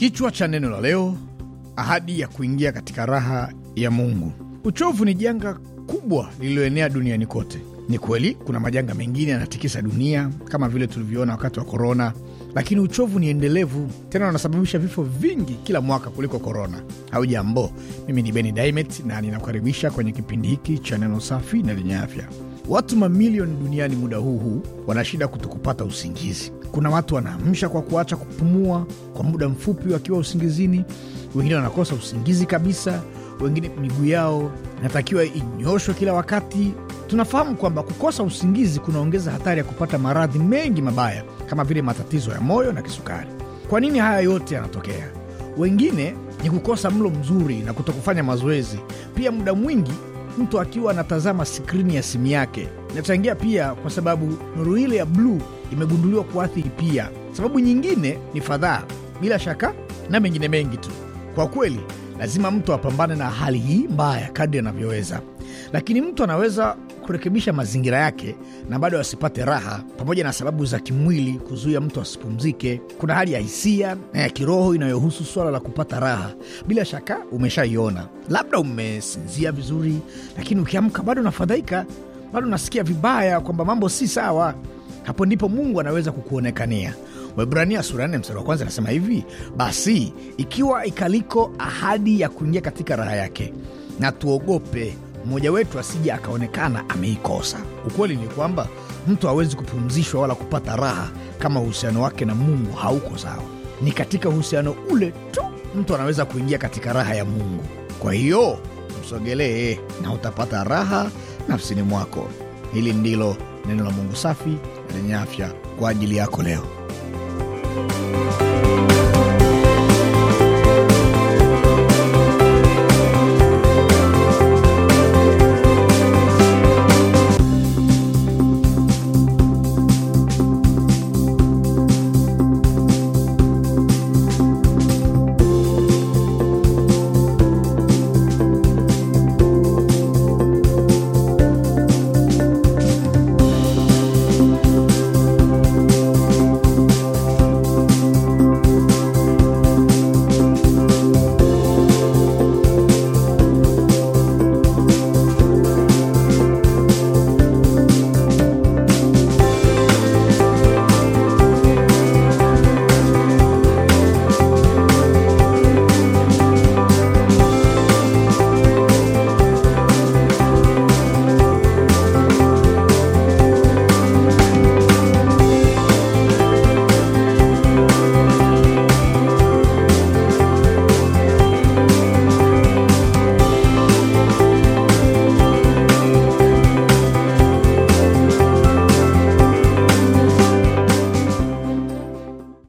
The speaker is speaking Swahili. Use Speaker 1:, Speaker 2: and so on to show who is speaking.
Speaker 1: Kichwa cha neno la leo: ahadi ya kuingia katika raha ya Mungu. Uchovu ni janga kubwa lililoenea duniani kote. Ni kweli kuna majanga mengine yanatikisa dunia kama vile tulivyoona wakati wa korona, lakini uchovu ni endelevu, tena unasababisha vifo vingi kila mwaka kuliko korona. au jambo mimi ni Beni Daimet na ninakukaribisha kwenye kipindi hiki cha neno safi na lenye afya. Watu mamilioni duniani muda huu huu wana shida kutokupata usingizi kuna watu wanaamsha kwa kuacha kupumua kwa muda mfupi wakiwa usingizini, wengine wanakosa usingizi kabisa, wengine miguu yao inatakiwa inyoshwe kila wakati. Tunafahamu kwamba kukosa usingizi kunaongeza hatari ya kupata maradhi mengi mabaya kama vile matatizo ya moyo na kisukari. Kwa nini haya yote yanatokea? Wengine ni kukosa mlo mzuri na kutokufanya mazoezi. Pia muda mwingi mtu akiwa anatazama skrini ya simu yake inachangia pia, kwa sababu nuru ile ya bluu imegunduliwa kuathiri pia. Sababu nyingine ni fadhaa, bila shaka, na mengine mengi tu. Kwa kweli, lazima mtu apambane na hali hii mbaya kadri anavyoweza, lakini mtu anaweza kurekebisha mazingira yake na bado asipate raha, pamoja na sababu za kimwili kuzuia mtu asipumzike. Kuna hali ya hisia na ya kiroho inayohusu swala la kupata raha. Bila shaka umeshaiona, labda umesinzia vizuri, lakini ukiamka bado unafadhaika, bado unasikia vibaya kwamba mambo si sawa. Hapo ndipo Mungu anaweza kukuonekania. webrania sura nne mstari wa kwanza anasema hivi: basi ikiwa ikaliko ahadi ya kuingia katika raha yake, na tuogope mmoja wetu asije akaonekana ameikosa. Ukweli ni kwamba mtu hawezi kupumzishwa wala kupata raha kama uhusiano wake na Mungu hauko sawa. Ni katika uhusiano ule tu mtu anaweza kuingia katika raha ya Mungu. Kwa hiyo msogelee na utapata raha nafsini mwako. Hili ndilo Neno la Mungu safi lenye afya kwa ajili yako leo.